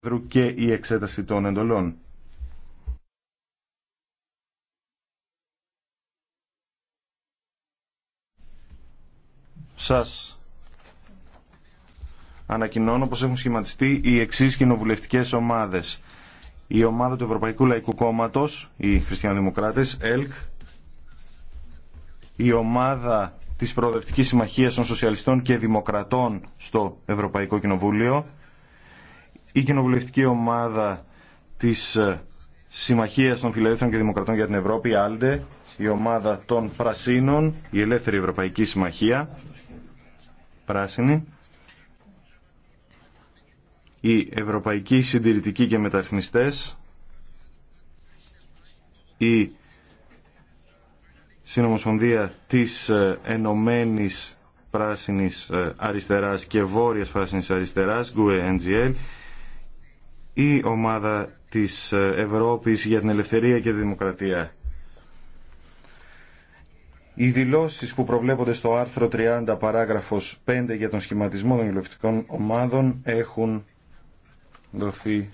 Προέδρου και η εξέταση των εντολών. Σας ανακοινώνω πως έχουν σχηματιστεί οι εξής κοινοβουλευτικέ ομάδες. Η ομάδα του Ευρωπαϊκού Λαϊκού Κόμματος, οι Χριστιανοδημοκράτες, ΕΛΚ, η ομάδα της Προοδευτικής Συμμαχίας των Σοσιαλιστών και Δημοκρατών στο Ευρωπαϊκό Κοινοβούλιο, η κοινοβουλευτική ομάδα της ε, Συμμαχίας των Φιλελεύθερων και Δημοκρατών για την Ευρώπη, ΑΛΔΕ, η ομάδα των Πρασίνων, η Ελεύθερη Ευρωπαϊκή Συμμαχία, Πράσινη, η ευρωπαϊκή Συντηρητικοί και Μεταρρυθμιστές, η Συνομοσπονδία της ε, Ενωμένης Πράσινης ε, Αριστεράς και Βόρειας Πράσινης Αριστεράς, GUE-NGL, η ομάδα της Ευρώπης για την ελευθερία και τη δημοκρατία. Οι δηλώσεις που προβλέπονται στο άρθρο 30 παράγραφος 5 για τον σχηματισμό των ελευθερικών ομάδων έχουν δοθεί